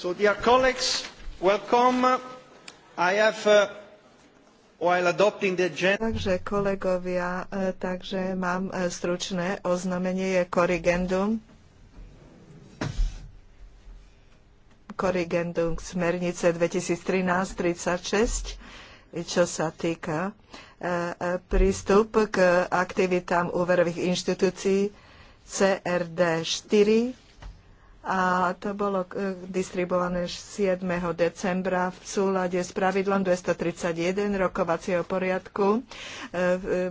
So, dear colleagues, welcome. I have, uh, while adopting the agenda... Takže kolegovia, e, takže mám e, stručné oznámenie je korrigendum. Korrigendum smernice 2013-36, čo sa týka e, prístup k aktivitám úverových inštitúcií CRD 4 a to bolo e, distribuované 7. decembra v súlade s pravidlom 231 rokovacieho poriadku. E,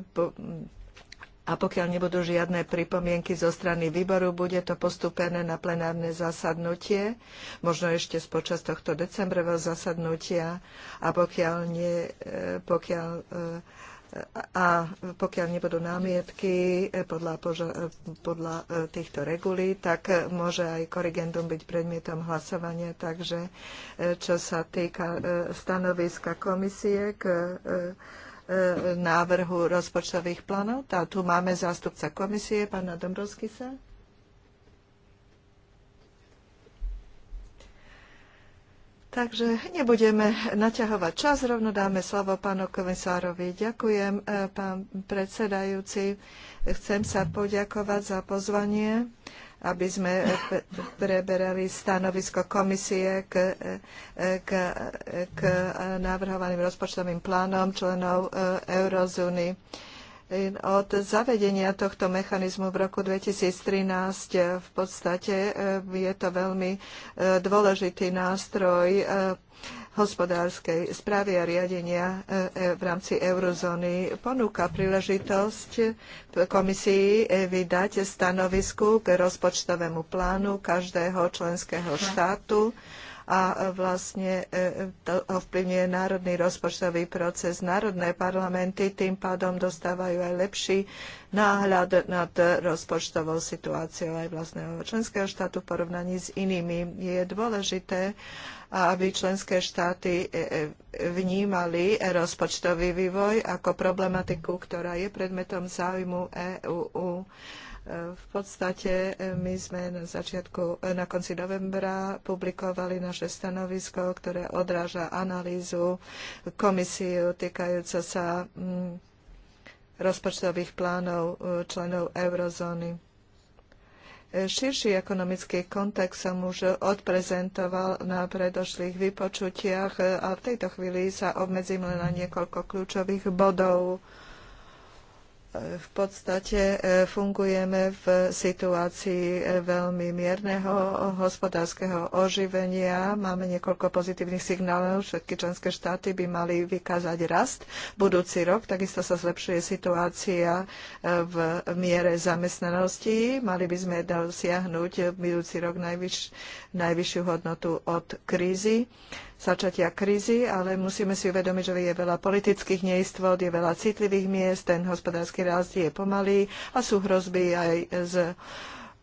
e, a pokiaľ nebudú žiadne pripomienky zo strany výboru, bude to postupené na plenárne zasadnutie, možno ešte počas tohto decembrového zasadnutia. A pokiaľ, nie, pokiaľ a pokiaľ nebudú námietky eh, podľa, eh, podľa eh, týchto regulí, tak môže aj korigendum byť predmietom hlasovania. Takže čo sa týka stanoviska komisie k návrhu rozpočtových plánov, tá, tu máme zástupca komisie, pána Dombrovskisa. Takže nebudeme naťahovať čas, rovno dáme slovo pánu komisárovi. Ďakujem, e, pán predsedajúci. Chcem sa poďakovať za pozvanie, aby sme preberali stanovisko komisie k, e, k, k návrhovaným rozpočtovým plánom členov e, Eurozóny od zavedenia tohto mechanizmu v roku 2013 eh, v podstate eh, je to veľmi eh, dôležitý nástroj hospodárskej správy a riadenia v rámci eurozóny ponúka príležitosť komisii vydať stanovisku k rozpočtovému plánu každého členského štátu a e, vlastne e, to ovplyvňuje národný rozpočtový proces. Národné parlamenty tým pádom dostávajú aj lepší náhľad nad rozpočtovou situáciou aj vlastného členského štátu v porovnaní s inými. Je dôležité, aby členské štáty e, vnímali rozpočtový vývoj ako problematiku, ktorá je predmetom záujmu EÚ. EU. V podstate eh, my sme na začiatku, eh, na konci novembra publikovali naše stanovisko, ktoré odráža analýzu komisiu týkajúco sa mm, rozpočtových plánov eh, členov eurozóny širší ekonomický kontext som už odprezentoval na predošlých vypočutiach a v tejto chvíli sa obmedzím len na niekoľko kľúčových bodov v podstate e, fungujeme v situácii e, veľmi mierneho hospodárskeho oživenia. Máme niekoľko pozitívnych signálov. Všetky členské štáty by mali vykázať rast budúci rok. Takisto sa zlepšuje situácia e, v miere zamestnanosti. Mali by sme dosiahnuť budúci rok najvyš, najvyššiu hodnotu od krízy začatia krízy, ale musíme si uvedomiť, že je veľa politických neistôt, je veľa citlivých miest, ten hospodársky rast je pomalý a sú hrozby aj z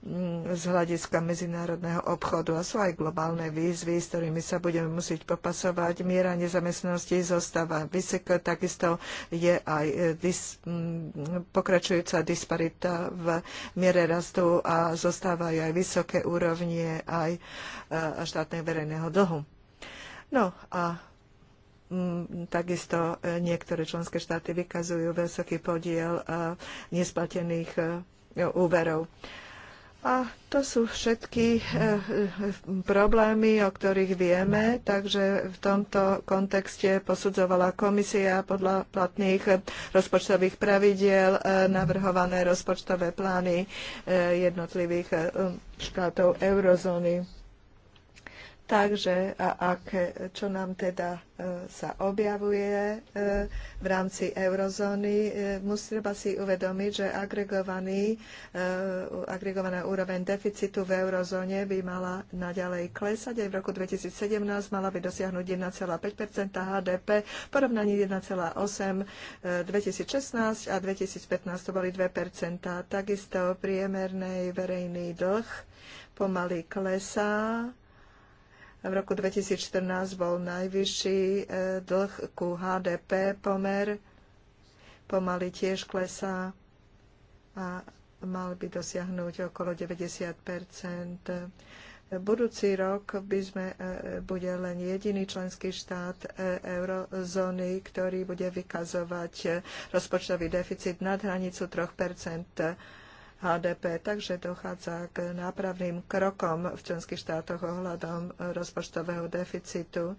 mm, z hľadiska medzinárodného obchodu a sú aj globálne výzvy, s ktorými sa budeme musieť popasovať. Miera nezamestnanosti zostáva vysoko, takisto je aj eh, dis, mm, pokračujúca disparita v miere rastu a zostávajú aj vysoké úrovnie aj eh, štátneho verejného dlhu. No a mm, takisto e, niektoré členské štáty vykazujú vysoký podiel e, nesplatených e, úverov. A to sú všetky problémy, o ktorých vieme, takže v tomto kontexte posudzovala komisia podľa platných rozpočtových pravidiel navrhované rozpočtové plány jednotlivých štátov eurozóny. Takže a ak, čo nám teda e, sa objavuje e, v rámci eurozóny, e, musí treba si uvedomiť, že agregovaný, agregovaná úroveň deficitu v eurozóne by mala naďalej klesať. Aj v roku 2017 mala by dosiahnuť 1,5 HDP, porovnaní 1,8 2016 a 2015 to boli 2 Takisto priemernej verejný dlh pomaly klesá v roku 2014 bol najvyšší e, dlh ku HDP pomer, pomaly tiež klesá a mal by dosiahnuť okolo 90 Budúci rok by sme, e, bude len jediný členský štát e, eurozóny, ktorý bude vykazovať rozpočtový deficit nad hranicu 3 HDP, takže dochádza k nápravným krokom v členských štátoch ohľadom rozpočtového deficitu.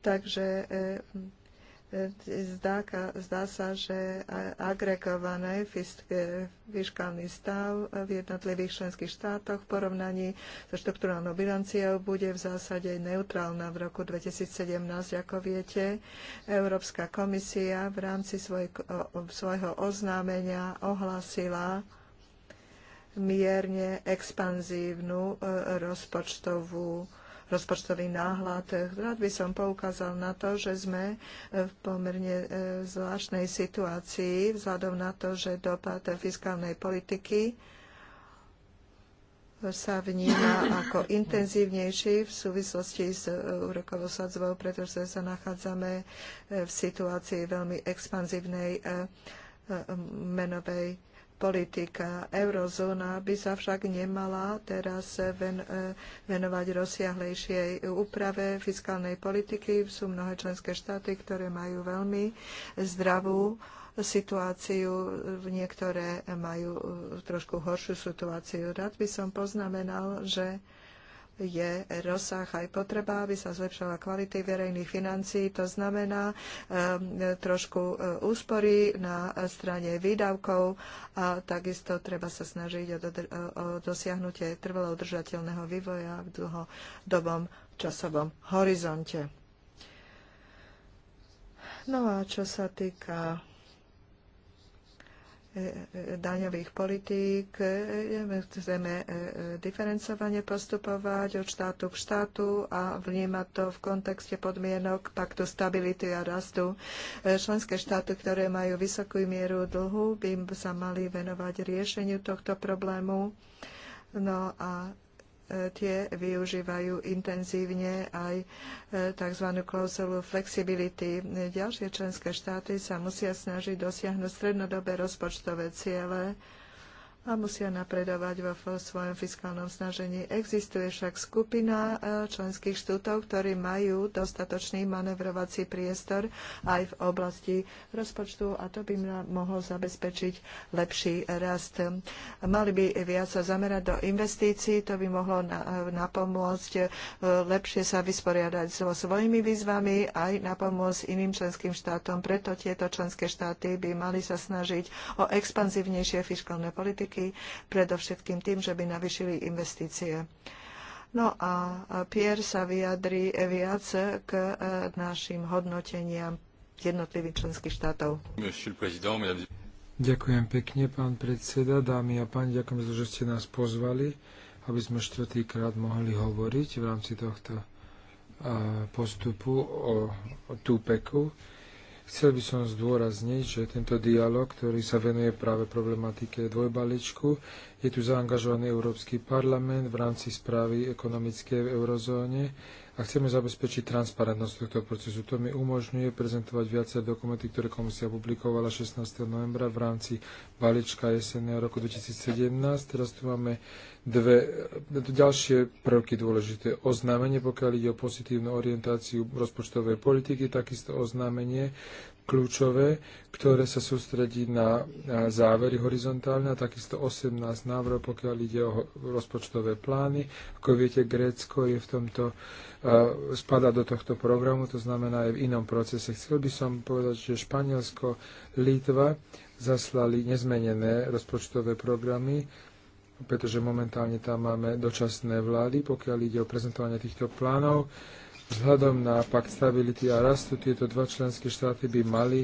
Takže eh, zdá, zdá sa, že agregovaný eh, fiskálny stav v jednotlivých členských štátoch v porovnaní so štruktúrálnou bilanciou bude v zásade neutrálna v roku 2017. Ako viete, Európska komisia v rámci svoj, svojho oznámenia ohlásila mierne expanzívnu e, rozpočtovú rozpočtový náhľad. Rád by som poukázal na to, že sme e, v pomerne e, zvláštnej situácii vzhľadom na to, že dopad fiskálnej politiky sa vníma ako intenzívnejší v súvislosti s úrokovou sadzbou, pretože sa nachádzame v situácii veľmi expanzívnej menovej politika. Eurozóna by sa však nemala teraz ven, e, venovať rozsiahlejšej úprave fiskálnej politiky. Sú mnohé členské štáty, ktoré majú veľmi zdravú situáciu, niektoré majú trošku horšiu situáciu. Rád by som poznamenal, že je rozsah aj potreba, aby sa zlepšila kvality verejných financií. To znamená um, trošku uh, úspory na strane výdavkov a takisto treba sa snažiť o, dosiahnutie trvalo udržateľného vývoja v dlhodobom časovom horizonte. No a čo sa týka daňových politík. Chceme e, e, diferencovane postupovať od štátu k štátu a vnímať to v kontexte podmienok paktu stability a rastu. E, členské štáty, ktoré majú vysokú mieru dlhu, by sa mali venovať riešeniu tohto problému. No a tie využívajú intenzívne aj e, tzv. klauzulu flexibility. Ďalšie členské štáty sa musia snažiť dosiahnuť strednodobé rozpočtové ciele a musia napredovať vo svojom fiskálnom snažení. Existuje však skupina e, členských štútov, ktorí majú dostatočný manevrovací priestor aj v oblasti rozpočtu a to by mohlo zabezpečiť lepší rast. Mali by viac sa zamerať do investícií, to by mohlo e, napomôcť e, lepšie sa vysporiadať so svojimi výzvami aj napomôcť iným členským štátom. Preto tieto členské štáty by mali sa snažiť o expanzívnejšie fiskálne politiky banky, predovšetkým tým, že by navyšili investície. No a Pierre sa vyjadri viac k e, našim hodnoteniam jednotlivých členských štátov. Ďakujem pekne, pán predseda, dámy a páni, ďakujem, že ste nás pozvali, aby sme štvrtýkrát mohli hovoriť v rámci tohto e, postupu o, o Tupeku. Chcel by som zdôrazniť, že tento dialog, ktorý sa venuje práve problematike dvojbaličku, je tu zaangažovaný Európsky parlament v rámci správy ekonomické v eurozóne a chceme zabezpečiť transparentnosť tohto procesu. To mi umožňuje prezentovať viacej dokumenty, ktoré komisia publikovala 16. novembra v rámci balíčka jesenného roku 2017. Teraz tu máme dve ďalšie prvky dôležité. Oznámenie, pokiaľ ide o pozitívnu orientáciu rozpočtovej politiky, takisto oznámenie kľúčové, ktoré sa sústredí na závery horizontálne a takisto 18 návrhov, pokiaľ ide o rozpočtové plány. Ako viete, Grécko je v tomto, spada do tohto programu, to znamená aj v inom procese. Chcel by som povedať, že Španielsko, Litva zaslali nezmenené rozpočtové programy, pretože momentálne tam máme dočasné vlády, pokiaľ ide o prezentovanie týchto plánov. Vzhľadom na pakt stability a rastu tieto dva členské štáty by mali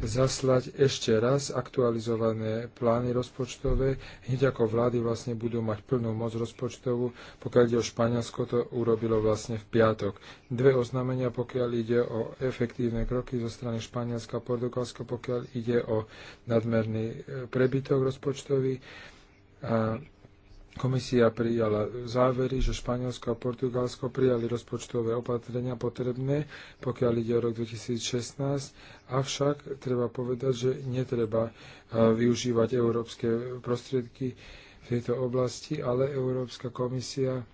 zaslať ešte raz aktualizované plány rozpočtové, hneď ako vlády vlastne budú mať plnú moc rozpočtovú, pokiaľ ide o Španielsko, to urobilo vlastne v piatok. Dve oznámenia, pokiaľ ide o efektívne kroky zo strany Španielska a Portugalska, pokiaľ ide o nadmerný e, prebytok rozpočtový a Komisia prijala závery, že Španielsko a Portugalsko prijali rozpočtové opatrenia potrebné, pokiaľ ide o rok 2016, avšak treba povedať, že netreba využívať európske prostriedky v tejto oblasti, ale Európska komisia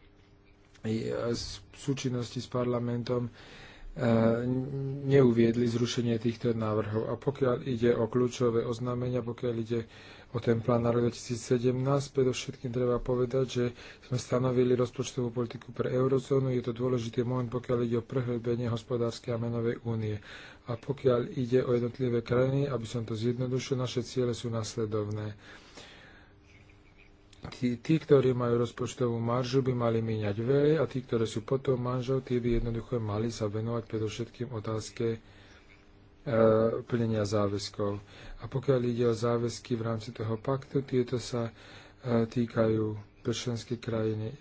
v súčinnosti s parlamentom neuviedli zrušenie týchto návrhov. A pokiaľ ide o kľúčové oznámenia, pokiaľ ide o ten plán na rok 2017. Predovšetkým treba povedať, že sme stanovili rozpočtovú politiku pre eurozónu. Je to dôležitý moment, pokiaľ ide o prehlbenie hospodárskej a menovej únie. A pokiaľ ide o jednotlivé krajiny, aby som to zjednodušil, naše ciele sú nasledovné. Tí, tí, ktorí majú rozpočtovú maržu, by mali míňať veľa a tí, ktorí sú potom manžel, tí by jednoducho mali sa venovať predovšetkým otázke Eh, plnenia záväzkov. A pokiaľ ide o záväzky v rámci toho paktu, tieto sa eh, týkajú pre krajiny eh,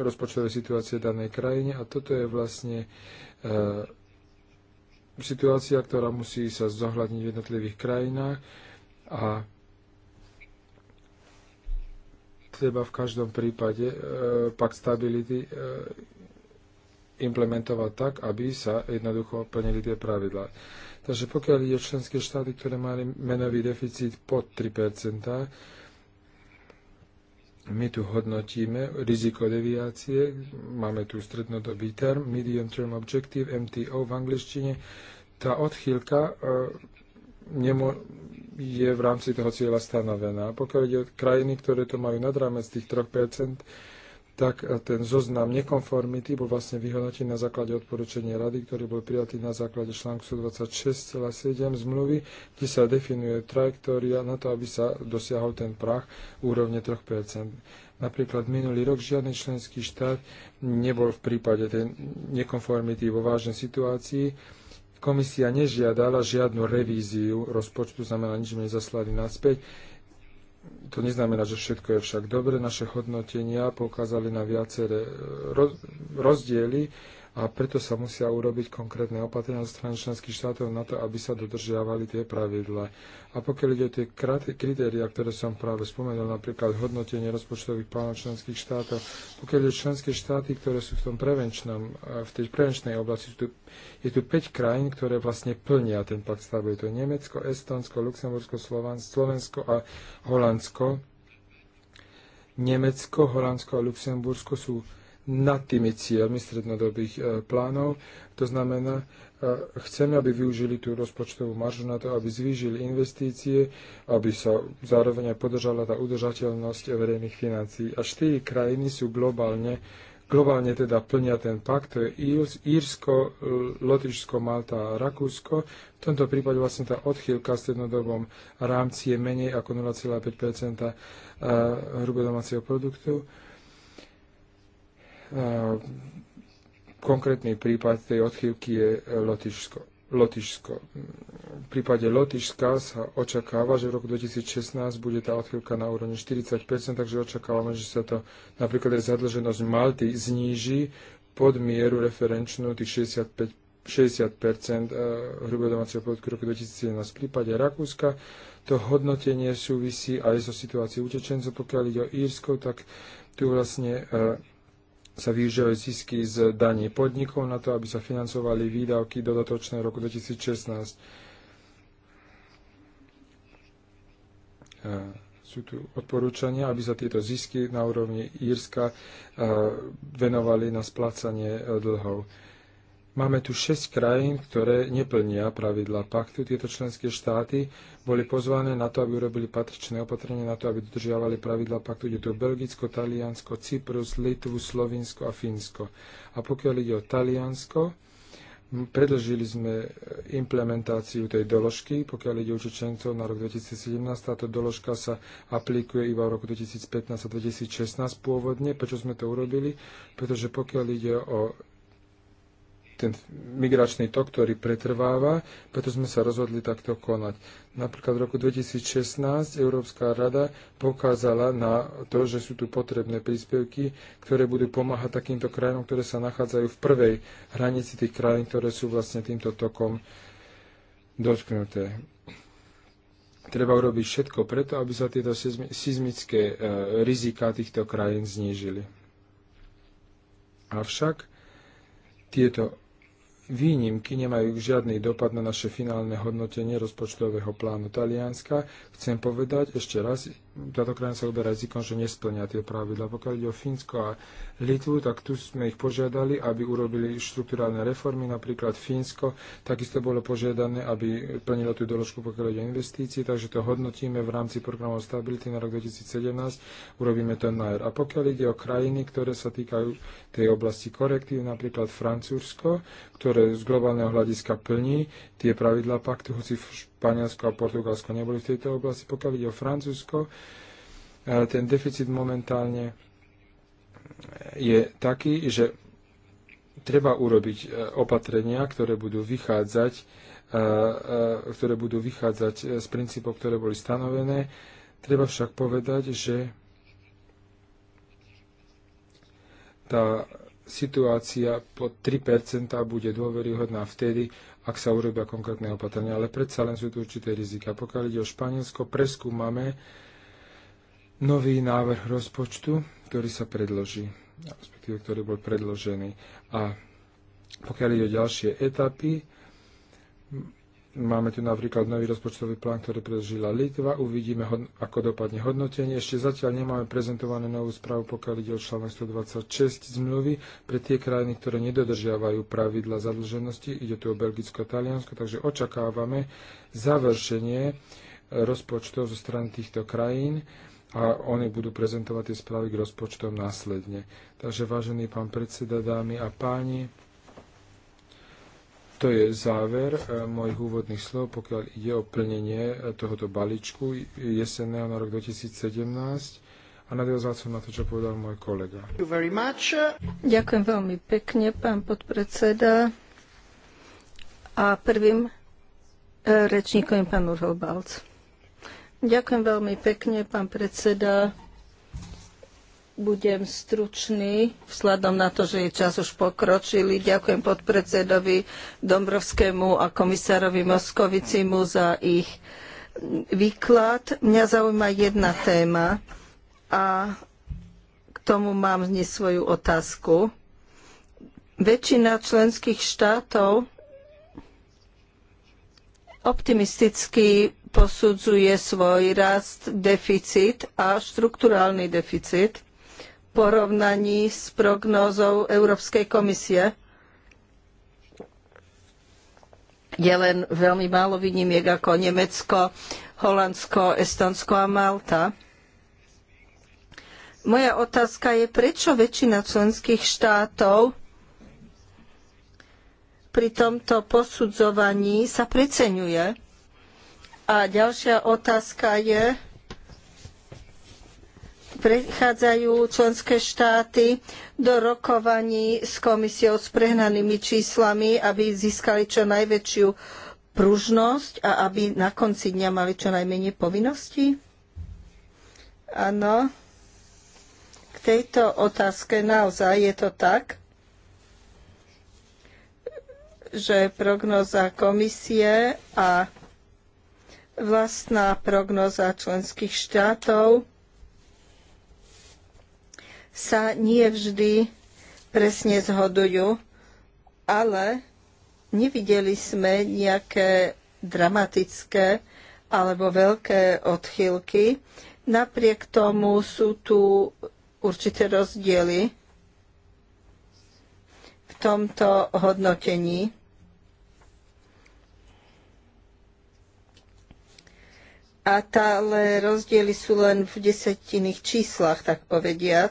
rozpočtovej situácie danej krajine a toto je vlastne situácia, ktorá musí sa zohľadniť v jednotlivých krajinách a treba v každom prípade e, pak stability e, implementovať tak, aby sa jednoducho plnili tie pravidlá. Takže pokiaľ ide členské štáty, ktoré mali menový deficit pod 3%, my tu hodnotíme riziko deviácie, máme tu strednodobý term, medium term objective, MTO v angličtine. Tá odchýlka e, je v rámci toho cieľa stanovená. Pokiaľ ide o krajiny, ktoré to majú nad rámec tých 3%, tak e, ten zoznam nekonformity bol vlastne vyhodnotený na základe odporúčania rady, ktorý bol prijatý na základe článku 126,7 zmluvy, kde sa definuje trajektória na to, aby sa dosiahol ten prach úrovne 3 Napríklad minulý rok žiadny členský štát nebol v prípade tej nekonformity vo vážnej situácii. Komisia nežiadala žiadnu revíziu rozpočtu, znamená, nič sme nezaslali naspäť to neznamená, že všetko je však dobre. Naše hodnotenia poukázali na viaceré rozdiely a preto sa musia urobiť konkrétne opatrenia zo strany členských štátov na to, aby sa dodržiavali tie pravidla. A pokiaľ ide o tie kritéria, ktoré som práve spomenul, napríklad hodnotenie rozpočtových plánov členských štátov, pokiaľ ide členské štáty, ktoré sú v tom prevenčnom, e, v tej prevenčnej oblasti, tu, je tu 5 krajín, ktoré vlastne plnia ten pakt je Nemecko, Estonsko, Luxembursko, Slovensko a Holandsko. Nemecko, Holandsko a Luxembursko sú nad tými cieľmi strednodobých e, plánov. To znamená, e, chceme, aby využili tú rozpočtovú maržu na to, aby zvýšili investície, aby sa zároveň aj podržala tá udržateľnosť verejných financií. A štyri krajiny sú globálne globálne teda plnia ten pakt, to je Írsko, Lotyšsko, Malta a Rakúsko. V tomto prípade vlastne tá odchýlka v strednodobom rámci je menej ako 0,5 e, hrubého domáceho produktu. Konkrétny prípad tej odchýlky je e, Lotyšsko. Lotyšsko. V prípade Lotyšska sa očakáva, že v roku 2016 bude tá odchýlka na úrovni 40%, takže očakávame, že sa to napríklad aj zadlženosť Malty zníži pod mieru referenčnú tých 65, 60% e, hrubého domáceho produktu roku 2017. V prípade Rakúska to hodnotenie súvisí aj so situáciou utečencov. Pokiaľ ide o Írsko, tak tu vlastne e, sa využívajú zisky z daní podnikov na to, aby sa financovali výdavky dodatočné roku 2016. E, sú tu odporúčania, aby sa tieto zisky na úrovni Írska e, venovali na splácanie e, dlhov Máme tu 6 krajín, ktoré neplnia pravidla paktu. Tieto členské štáty boli pozvané na to, aby urobili patričné opatrenie na to, aby dodržiavali pravidla paktu. Je to Belgicko, Taliansko, Cyprus, Litvu, Slovinsko a Fínsko. A pokiaľ ide o Taliansko, predlžili sme e, implementáciu tej doložky, pokiaľ ide o Čečencov na rok 2017. Táto doložka sa aplikuje iba v roku 2015 a 2016 pôvodne. Prečo sme to urobili? Pretože pokiaľ ide o ten migračný tok, ktorý pretrváva, preto sme sa rozhodli takto konať. Napríklad v roku 2016 Európska rada pokázala na to, že sú tu potrebné príspevky, ktoré budú pomáhať takýmto krajinom, ktoré sa nachádzajú v prvej hranici tých krajín, ktoré sú vlastne týmto tokom dotknuté. Treba urobiť všetko preto, aby sa tieto sismické e, rizika týchto krajín znížili. Avšak tieto výnimky nemajú žiadny dopad na naše finálne hodnotenie rozpočtového plánu Talianska. Chcem povedať ešte raz, táto krajina sa uberá rizikom, že nesplňa tie pravidla. Pokiaľ ide o Fínsko a Litvu, tak tu sme ich požiadali, aby urobili štruktúrálne reformy. Napríklad Fínsko takisto bolo požiadané, aby plnilo tú doložku, pokiaľ ide o investície, takže to hodnotíme v rámci programov stability na rok 2017, urobíme to na A pokiaľ ide o krajiny, ktoré sa týkajú tej oblasti korektív, napríklad Francúzsko, ktoré z globálneho hľadiska plní tie pravidla paktu, hoci Španielsko a Portugalsko neboli v tejto oblasti. Pokiaľ ide o Francúzsko, e, ten deficit momentálne je taký, že treba urobiť e, opatrenia, ktoré budú vychádzať, e, ktoré budú vychádzať z princípov, ktoré boli stanovené. Treba však povedať, že tá situácia pod 3% bude dôveryhodná vtedy, ak sa urobia konkrétne opatrenia, ale predsa len sú tu určité rizika. Pokiaľ ide o Španielsko, preskúmame nový návrh rozpočtu, ktorý sa predloží, respektíve ktorý bol predložený. A pokiaľ ide o ďalšie etapy, Máme tu napríklad nový rozpočtový plán, ktorý predložila Litva. Uvidíme, ako dopadne hodnotenie. Ešte zatiaľ nemáme prezentovanú novú správu, pokiaľ ide o článok 126 zmluvy pre tie krajiny, ktoré nedodržiavajú pravidla zadlženosti. Ide tu o Belgicko a Taliansko, takže očakávame završenie e, rozpočtov zo strany týchto krajín a oni budú prezentovať tie správy k rozpočtom následne. Takže, vážený pán predseda, dámy a páni, to je záver e, mojich úvodných slov, pokiaľ ide o plnenie e, tohoto balíčku jeseného na rok 2017 a nadviazal som na to, čo povedal môj kolega. Ďakujem veľmi pekne, pán podpredseda. A prvým e, rečníkom je pán Urhol Balc. Ďakujem veľmi pekne, pán predseda budem stručný, vzhľadom na to, že je čas už pokročilý. Ďakujem podpredsedovi Dombrovskému a komisárovi Moskovicimu za ich výklad. Mňa zaujíma jedna téma a k tomu mám dnes svoju otázku. Väčšina členských štátov optimisticky posudzuje svoj rast, deficit a štrukturálny deficit porovnaní s prognózou Európskej komisie. Je len veľmi málo výnimiek ako Nemecko, Holandsko, Estonsko a Malta. Moja otázka je, prečo väčšina členských štátov pri tomto posudzovaní sa preceňuje? A ďalšia otázka je, prechádzajú členské štáty do rokovaní s komisiou s prehnanými číslami, aby získali čo najväčšiu pružnosť a aby na konci dňa mali čo najmenej povinností? Áno. K tejto otázke naozaj je to tak, že prognoza komisie a vlastná prognoza členských štátov sa nie vždy presne zhodujú, ale nevideli sme nejaké dramatické alebo veľké odchylky, Napriek tomu sú tu určité rozdiely v tomto hodnotení. A tá, ale rozdiely sú len v desetinných číslach, tak povediac.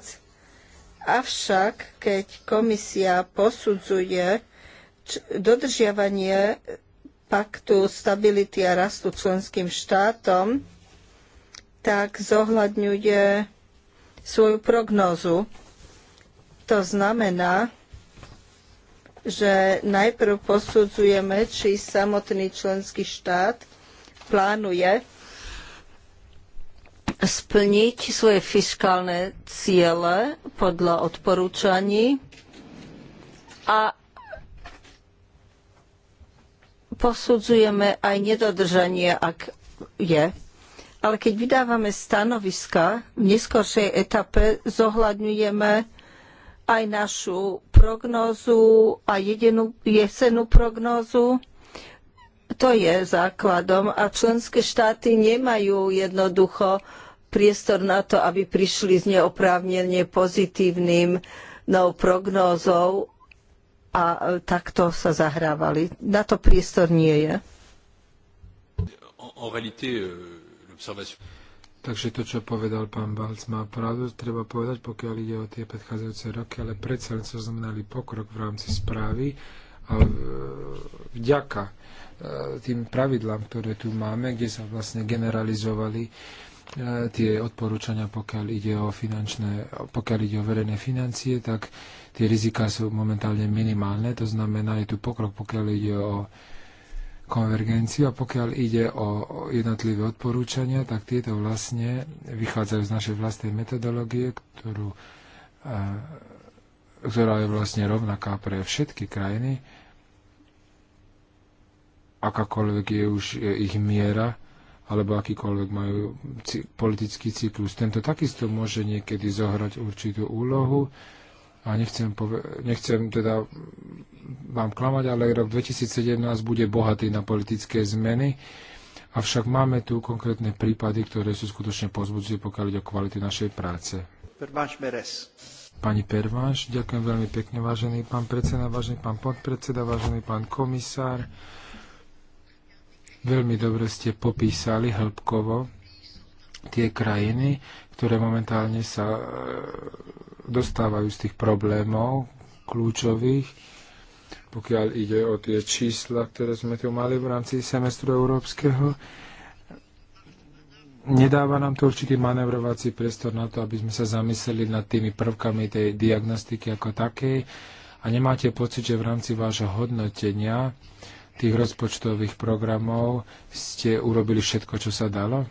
Avšak, keď komisia posudzuje dodržiavanie paktu stability a rastu členským štátom, tak zohľadňuje svoju prognózu. To znamená, že najprv posudzujeme, či samotný členský štát plánuje splniť svoje fiskálne ciele podľa odporúčaní a posudzujeme aj nedodržanie, ak je. Ale keď vydávame stanoviska, v neskoršej etape zohľadňujeme aj našu prognózu a jedinú jesenú prognózu. To je základom a členské štáty nemajú jednoducho priestor na to, aby prišli s neoprávnene pozitívnym nou prognózou a e, takto sa zahrávali. Na to priestor nie je. E, Takže to, čo povedal pán Balc, má pravdu. Treba povedať, pokiaľ ide o tie predchádzajúce roky, ale predsa len to znamenali pokrok v rámci správy a e, vďaka tým pravidlám, ktoré tu máme, kde sa vlastne generalizovali E, tie odporúčania, pokiaľ ide o finančné, pokiaľ ide o verejné financie, tak tie riziká sú momentálne minimálne, to znamená, je tu pokrok, pokiaľ ide o konvergenciu a pokiaľ ide o jednotlivé odporúčania, tak tieto vlastne vychádzajú z našej vlastnej metodológie, ktorú, e, ktorá je vlastne rovnaká pre všetky krajiny, akákoľvek je už ich miera, alebo akýkoľvek majú politický cyklus. Tento takisto môže niekedy zohrať určitú úlohu a nechcem, nechcem teda vám klamať, ale rok 2017 bude bohatý na politické zmeny. Avšak máme tu konkrétne prípady, ktoré sú skutočne pozbudzujú pokiaľ ide o kvalitu našej práce. Pani Perváš, ďakujem veľmi pekne, vážený pán predseda, vážený pán podpredseda, vážený pán komisár. Veľmi dobre ste popísali hĺbkovo tie krajiny, ktoré momentálne sa e, dostávajú z tých problémov kľúčových, pokiaľ ide o tie čísla, ktoré sme tu mali v rámci semestru európskeho. Nedáva nám to určitý manevrovací priestor na to, aby sme sa zamysleli nad tými prvkami tej diagnostiky ako takej a nemáte pocit, že v rámci vášho hodnotenia tých rozpočtových programov ste urobili všetko, čo sa dalo?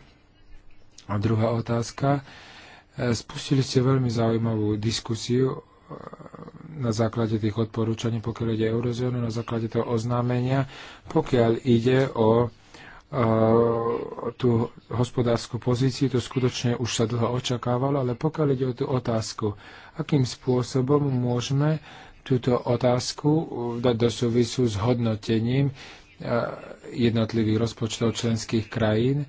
A druhá otázka. E, spustili ste veľmi zaujímavú diskusiu e, na základe tých odporúčaní, pokiaľ ide eurozónu, na základe toho oznámenia, pokiaľ ide o e, tú hospodárskú pozíciu, to skutočne už sa dlho očakávalo, ale pokiaľ ide o tú otázku, akým spôsobom môžeme túto otázku uh, dať do súvisu s hodnotením uh, jednotlivých rozpočtov členských krajín.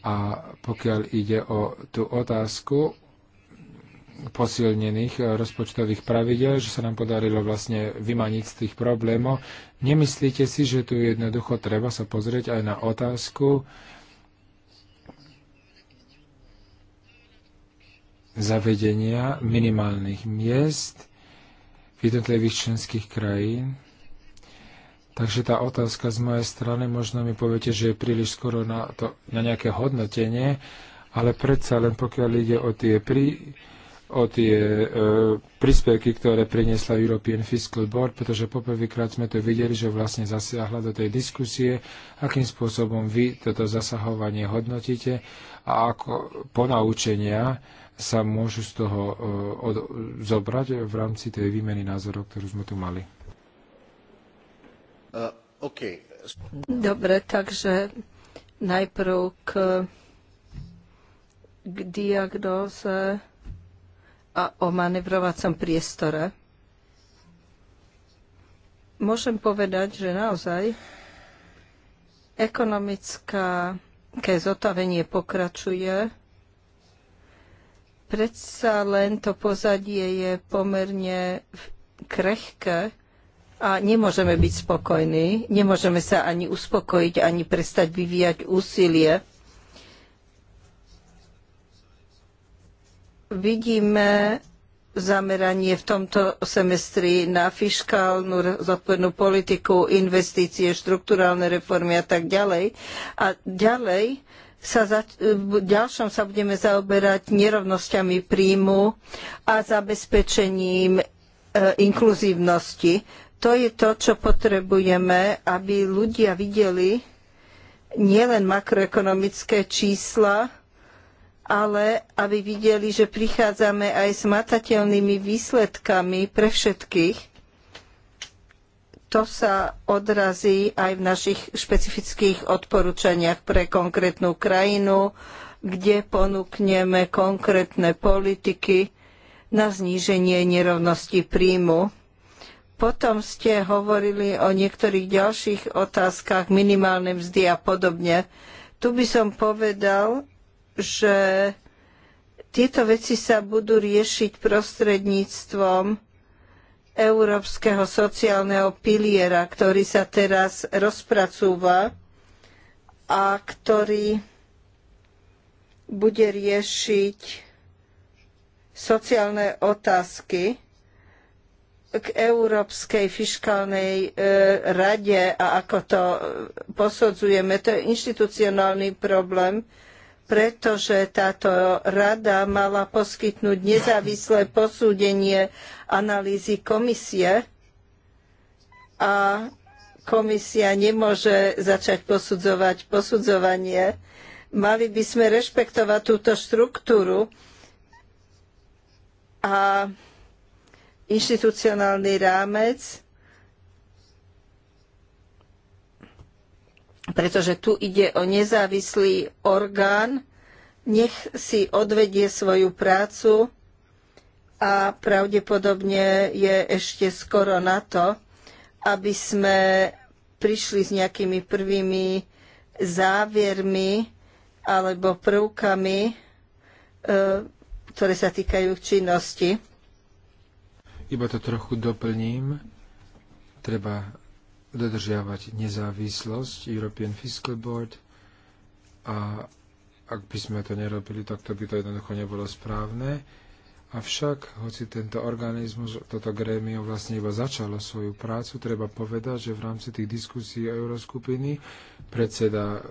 A pokiaľ ide o tú otázku posilnených uh, rozpočtových pravidel, že sa nám podarilo vlastne vymaniť z tých problémov, nemyslíte si, že tu jednoducho treba sa pozrieť aj na otázku zavedenia minimálnych miest jednotlivých členských krajín. Takže tá otázka z mojej strany, možno mi poviete, že je príliš skoro na, to, na nejaké hodnotenie, ale predsa len pokiaľ ide o tie, pri, o tie e, príspevky, ktoré priniesla European Fiscal Board, pretože poprvýkrát sme to videli, že vlastne zasiahla do tej diskusie, akým spôsobom vy toto zasahovanie hodnotíte a ako ponaučenia sa môžu z toho eh, od, zobrať v rámci tej výmeny názorov, ktorú sme tu mali. Uh, okay. Dobre, takže najprv k, k diagnoze a o manevrovacom priestore. Môžem povedať, že naozaj ekonomické zotavenie pokračuje Predsa len to pozadie je pomerne krehké a nemôžeme byť spokojní, nemôžeme sa ani uspokojiť, ani prestať vyvíjať úsilie. Vidíme zameranie v tomto semestri na fiškálnu zodpovednú politiku, investície, štrukturálne reformy a tak ďalej. A ďalej sa za, e, v ďalšom sa budeme zaoberať nerovnosťami príjmu a zabezpečením e, inkluzívnosti. To je to, čo potrebujeme, aby ľudia videli nielen makroekonomické čísla, ale aby videli, že prichádzame aj s matateľnými výsledkami pre všetkých to sa odrazí aj v našich špecifických odporúčaniach pre konkrétnu krajinu, kde ponúkneme konkrétne politiky na zníženie nerovnosti príjmu. Potom ste hovorili o niektorých ďalších otázkach, minimálne mzdy a podobne. Tu by som povedal, že tieto veci sa budú riešiť prostredníctvom európskeho sociálneho piliera, ktorý sa teraz rozpracúva a ktorý bude riešiť sociálne otázky k Európskej fiškálnej e, rade a ako to posudzujeme. To je inštitucionálny problém, pretože táto rada mala poskytnúť nezávislé posúdenie analýzy komisie a komisia nemôže začať posudzovať posudzovanie. Mali by sme rešpektovať túto štruktúru a inštitucionálny rámec pretože tu ide o nezávislý orgán, nech si odvedie svoju prácu a pravdepodobne je ešte skoro na to, aby sme prišli s nejakými prvými závermi alebo prvkami, e, ktoré sa týkajú činnosti. Iba to trochu doplním. Treba dodržiavať nezávislosť European Fiscal Board a ak by sme to nerobili, tak to by to jednoducho nebolo správne. Avšak, hoci tento organizmus, toto grémio vlastne iba začalo svoju prácu, treba povedať, že v rámci tých diskusí Euroskupiny predseda e,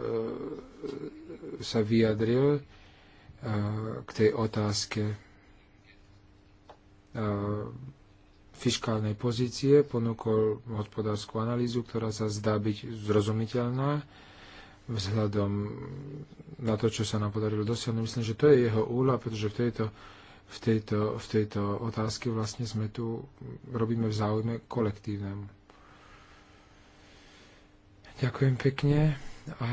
sa vyjadril e, k tej otázke e, fiskálnej pozície, ponúkol hospodárskú analýzu, ktorá sa zdá byť zrozumiteľná vzhľadom na to, čo sa nám podarilo dosiahnuť. Myslím, že to je jeho úla, pretože v tejto, v tejto, v tejto otázke vlastne sme tu, robíme v záujme kolektívnemu. Ďakujem pekne. A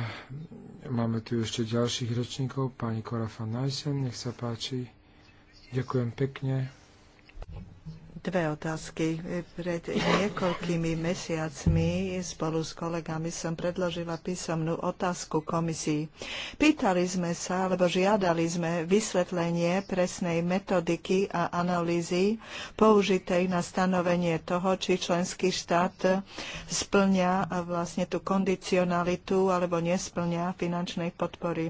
máme tu ešte ďalších rečníkov. Pani Korafa Najsen, nech sa páči. Ďakujem pekne dve otázky. Pred niekoľkými mesiacmi spolu s kolegami som predložila písomnú otázku komisii. Pýtali sme sa, alebo žiadali sme vysvetlenie presnej metodiky a analýzy použitej na stanovenie toho, či členský štát splňa vlastne tú kondicionalitu alebo nesplňa finančnej podpory.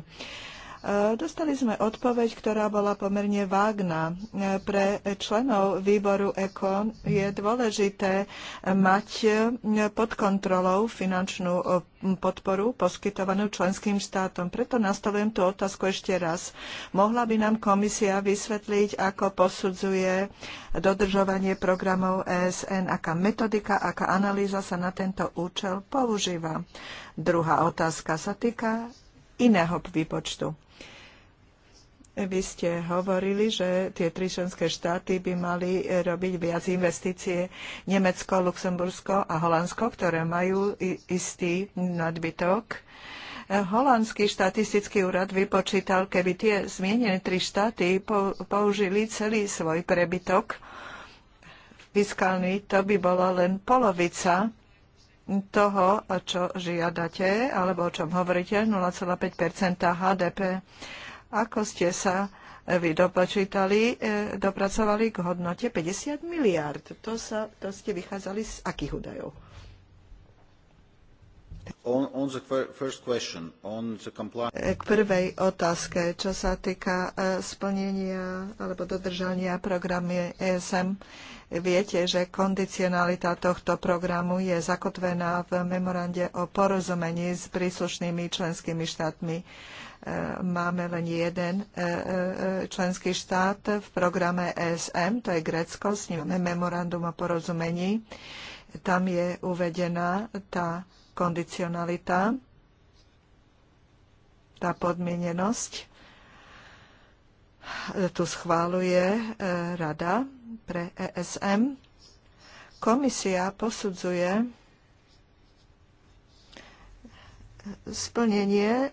Dostali sme odpoveď, ktorá bola pomerne vágna. Pre členov výboru EKON je dôležité mať pod kontrolou finančnú eh, podporu poskytovanú členským štátom. Preto nastavujem tú otázku ešte raz. Mohla by nám komisia vysvetliť, ako posudzuje dodržovanie programov ESN, aká metodika, aká analýza sa na tento účel používa. Druhá otázka sa týka iného výpočtu. Vy ste hovorili, že tie tri členské štáty by mali robiť viac investície. Nemecko, Luxembursko a Holandsko, ktoré majú istý nadbytok. Holandský štatistický úrad vypočítal, keby tie zmienené tri štáty použili celý svoj prebytok fiskálny, to by bola len polovica toho, čo žiadate, alebo o čom hovoríte, 0,5 HDP. Ako ste sa e, vy dopočítali, e, dopracovali k hodnote 50 miliard? To, sa, to ste vychádzali z akých údajov? E, k prvej otázke, čo sa týka e, splnenia alebo dodržania programu ESM, viete, že kondicionalita tohto programu je zakotvená v memorande o porozumení s príslušnými členskými štátmi. E, máme len jeden členský štát v programe ESM, to je Grécko, s ním memorandum o porozumení. Tam je uvedená tá kondicionalita, tá podmienenosť, tu schváluje e, Rada pre ESM. Komisia posudzuje splnenie e,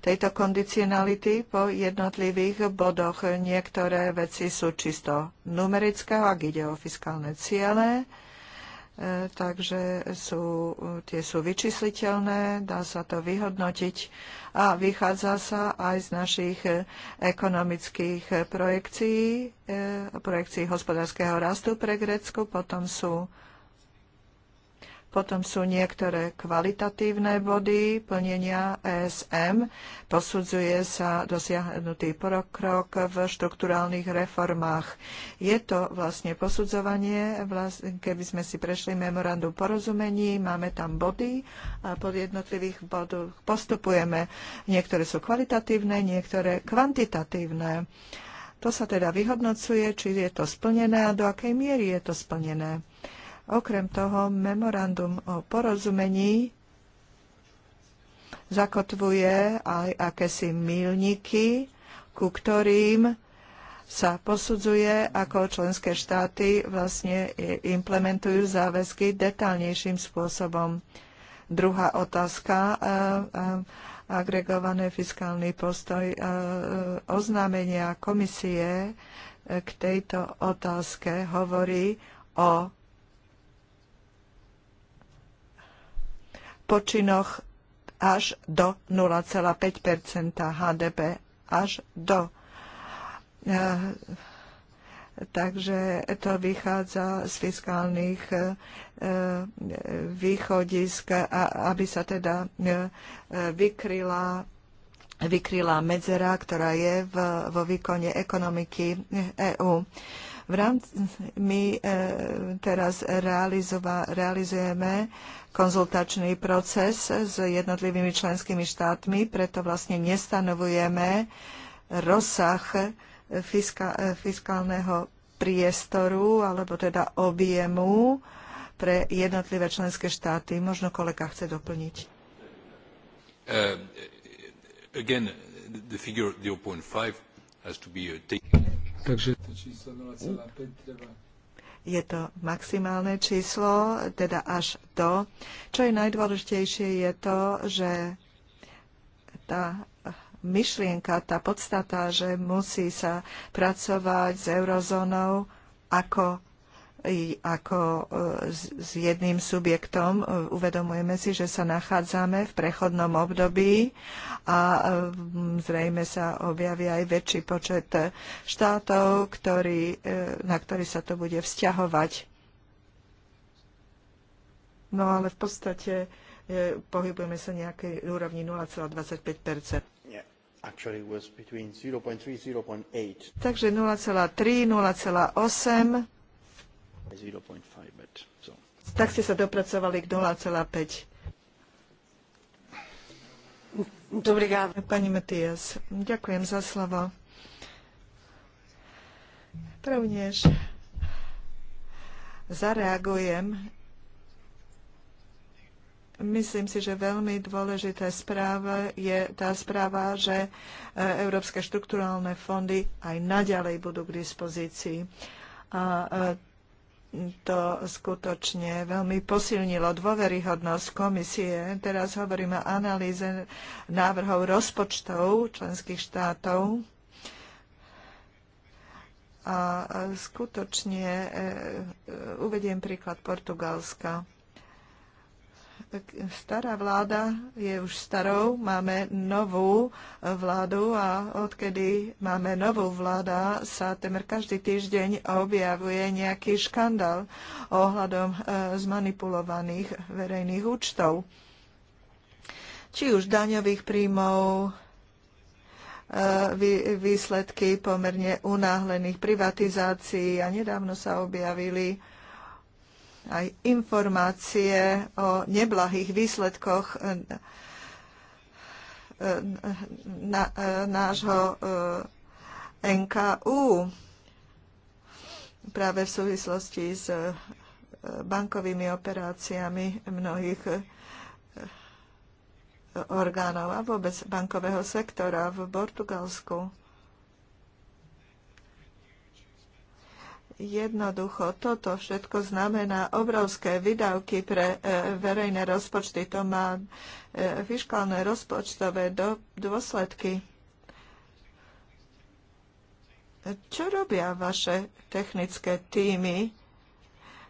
tejto kondicionality po jednotlivých bodoch. Niektoré veci sú čisto numerické, ak ide o fiskálne ciele E, takže sú, tie sú vyčísliteľné, dá sa to vyhodnotiť a vychádza sa aj z našich ekonomických projekcií, e, projekcií hospodárskeho rastu pre Grécku, potom sú potom sú niektoré kvalitatívne body plnenia ESM. Posudzuje sa dosiahnutý pokrok v štruktúrálnych reformách. Je to vlastne posudzovanie, keby sme si prešli memorandum porozumení, máme tam body a pod jednotlivých bodoch postupujeme. Niektoré sú kvalitatívne, niektoré kvantitatívne. To sa teda vyhodnocuje, či je to splnené a do akej miery je to splnené. Okrem toho memorandum o porozumení zakotvuje aj akési milníky, ku ktorým sa posudzuje, ako členské štáty vlastne implementujú záväzky detálnejším spôsobom. Druhá otázka, e, e, agregovaný fiskálny postoj e, oznámenia komisie k tejto otázke hovorí o počinoch až do 0,5 HDP, až do. E, takže to vychádza z fiskálnych e, východisk, aby sa teda e, vykryla vykryla medzera, ktorá je v, vo výkone ekonomiky EÚ. EU. V rámci, my e, teraz realizujeme konzultačný proces s jednotlivými členskými štátmi, preto vlastne nestanovujeme rozsah fiska, e, fiskálneho priestoru alebo teda objemu pre jednotlivé členské štáty. Možno kolega chce doplniť. Uh, again, the figure 0.5 has to be uh, taken. Takže to číslo 0,5 treba je to maximálne číslo, teda až to. Čo je najdôležitejšie, je to, že tá myšlienka, tá podstata, že musí sa pracovať s eurozónou ako ako e, s jedným subjektom. E, uvedomujeme si, že sa nachádzame v prechodnom období a e, zrejme sa objaví aj väčší počet štátov, ktorý, na ktorý sa to bude vzťahovať. No ale v podstate pohybujeme sa nejakej úrovni 0,25 Takže 0,3, 0,8 tak ste sa dopracovali k 0,5. Dobrý deň. Pani Matias, ďakujem za slovo. Prvnež zareagujem Myslím si, že veľmi dôležitá správa je tá správa, že e, európske štrukturálne fondy aj naďalej budú k dispozícii. A e, to skutočne veľmi posilnilo dôveryhodnosť komisie. Teraz hovoríme o analýze návrhov rozpočtov členských štátov. A skutočne e, e, uvediem príklad Portugalska stará vláda je už starou, máme novú eh, vládu a odkedy máme novú vláda, sa temer každý týždeň objavuje nejaký škandál ohľadom eh, zmanipulovaných verejných účtov. Či už daňových príjmov, eh, výsledky pomerne unáhlených privatizácií a nedávno sa objavili aj informácie o neblahých výsledkoch eh, eh, eh, nášho NKU práve v súvislosti s bankovými operáciami mnohých orgánov a vôbec bankového sektora v Portugalsku. jednoducho toto všetko znamená obrovské vydavky pre e, verejné rozpočty. To má e, fiskálne rozpočtové dôsledky. Čo robia vaše technické týmy?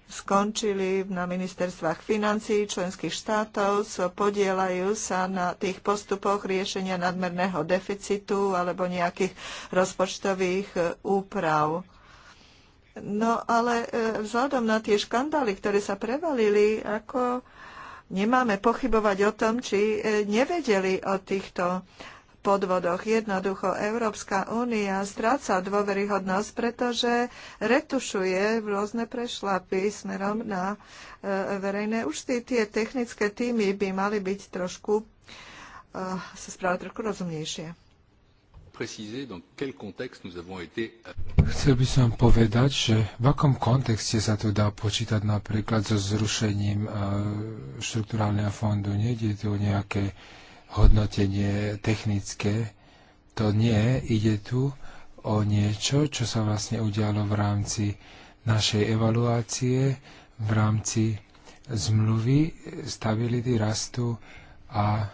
Skončili na ministerstvách financí členských štátov, so podielajú sa na tých postupoch riešenia nadmerného deficitu alebo nejakých rozpočtových e, úprav No ale e, vzhľadom na tie škandály, ktoré sa prevalili, ako nemáme pochybovať o tom, či e, nevedeli o týchto podvodoch. Jednoducho Európska únia stráca dôveryhodnosť, pretože retušuje rôzne prešlapy smerom na e, verejné účty. Tie technické týmy by mali byť trošku sa správať trošku rozumnejšie. Euh, Chcel by som povedať, že v akom kontexte sa to dá počítať napríklad so zrušením e, štruktúrálneho fondu. Nejde tu o nejaké hodnotenie technické. To nie. Ide tu o niečo, čo sa vlastne udialo v rámci našej evaluácie, v rámci zmluvy, stability, rastu a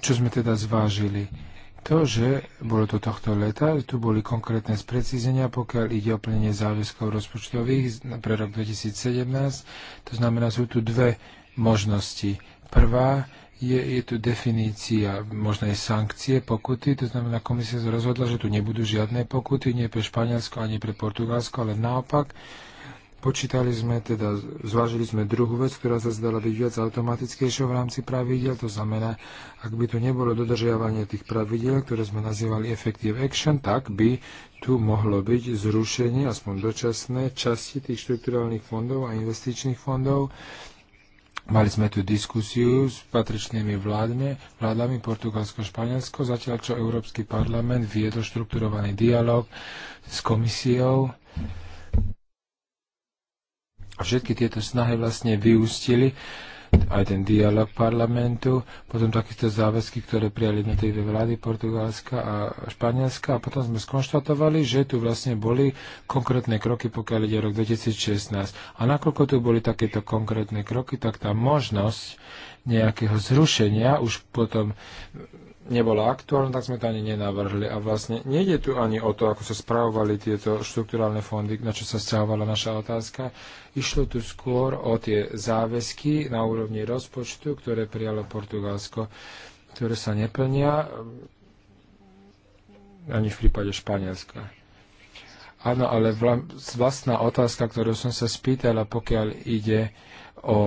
čo sme teda zvážili to, že bolo to tohto leta, tu boli konkrétne sprecízenia, pokiaľ ide o plnenie záväzkov rozpočtových pre rok 2017, to znamená, sú tu dve možnosti. Prvá je, je tu definícia možnej sankcie, pokuty, to znamená, komisia sa rozhodla, že tu nebudú žiadne pokuty, nie pre Španielsko ani pre Portugalsko, ale naopak, Počítali sme, teda zvážili sme druhú vec, ktorá sa zdala byť viac automatickejšou v rámci pravidel, to znamená, ak by tu nebolo dodržiavanie tých pravidel, ktoré sme nazývali effective action, tak by tu mohlo byť zrušenie, aspoň dočasné, časti tých štrukturálnych fondov a investičných fondov. Mali sme tu diskusiu s patričnými vládne, vládami Portugalsko-Španielsko, zatiaľ čo Európsky parlament viedol štrukturovaný dialog s komisiou a všetky tieto snahy vlastne vyústili aj ten dialog parlamentu, potom takéto záväzky, ktoré prijali tej vlády Portugalska a Španielska a potom sme skonštatovali, že tu vlastne boli konkrétne kroky, pokiaľ ide rok 2016. A nakoľko tu boli takéto konkrétne kroky, tak tá možnosť nejakého zrušenia už potom nebola aktuálna, tak sme to ani nenavrhli. A vlastne nejde tu ani o to, ako sa spravovali tieto štruktúrálne fondy, na čo sa stiahovala naša otázka. Išlo tu skôr o tie záväzky na úrovni rozpočtu, ktoré prijalo Portugalsko, ktoré sa neplnia ehm, ani v prípade Španielska. Áno, ale vlastná otázka, ktorú som sa spýtala, pokiaľ ide o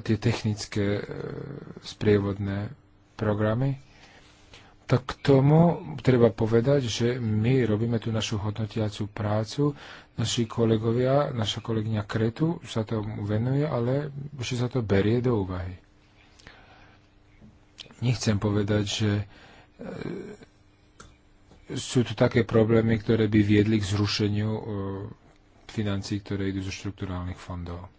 tie technické ehm, sprievodné programy, tak k tomu treba povedať, že my robíme tú našu hodnotiacú prácu. Naši kolegovia, naša kolegyňa Kretu sa tomu venuje, ale už sa to berie do úvahy. Nechcem povedať, že e, sú tu také problémy, ktoré by viedli k zrušeniu e, financí, ktoré idú zo štruktúrálnych fondov.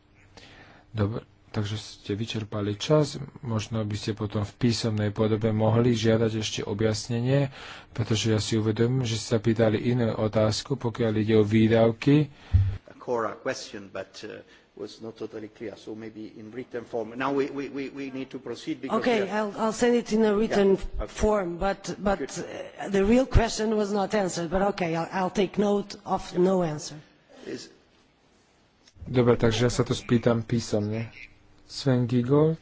Dobre, takže ste vyčerpali čas. Možno by ste potom v písomnej podobe mohli žiadať ešte objasnenie, pretože ja si uvedomím, že ste sa pýtali inú otázku, pokiaľ ide o výdavky. Uh, was not totally clear, so maybe in written form. Now we, we, we, we need to proceed because... Okay, have... I'll, I'll send it in a written yeah, okay. form, but, but Good. Uh, the real question was not answered, but okay, I'll, I'll take note of yeah. no answer. Is... Dobre, takže ja sa to spýtam písomne. Sven Gigold.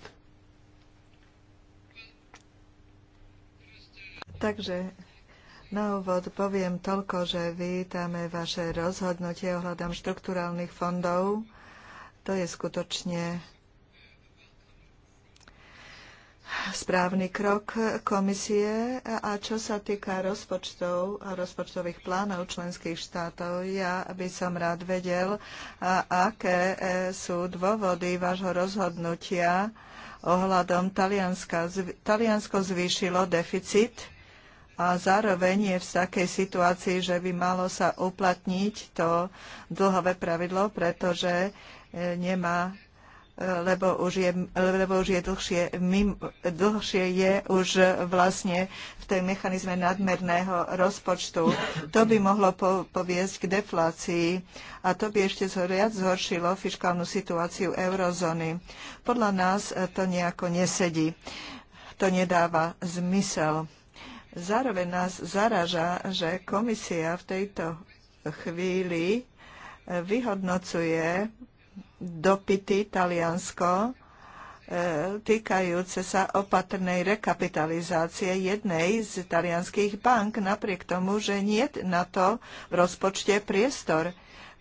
Takže na úvod poviem toľko, že vítame vaše rozhodnutie ohľadom štrukturálnych fondov. To je skutočne správny krok komisie. A čo sa týka rozpočtov a rozpočtových plánov členských štátov, ja by som rád vedel, aké e, sú dôvody vášho rozhodnutia ohľadom Talianska. Taliansko zvýšilo deficit a zároveň je v takej situácii, že by malo sa uplatniť to dlhové pravidlo, pretože e, nemá lebo už je, lebo už je dlhšie, mimo, dlhšie je už vlastne v tej mechanizme nadmerného rozpočtu. To by mohlo po, poviesť k deflácii a to by ešte viac zhoršilo fiskálnu situáciu eurozóny. Podľa nás to nejako nesedí. To nedáva zmysel. Zároveň nás zaraža, že komisia v tejto chvíli vyhodnocuje dopity Taliansko e, týkajúce sa opatrnej rekapitalizácie jednej z talianských bank, napriek tomu, že nie na to v rozpočte priestor.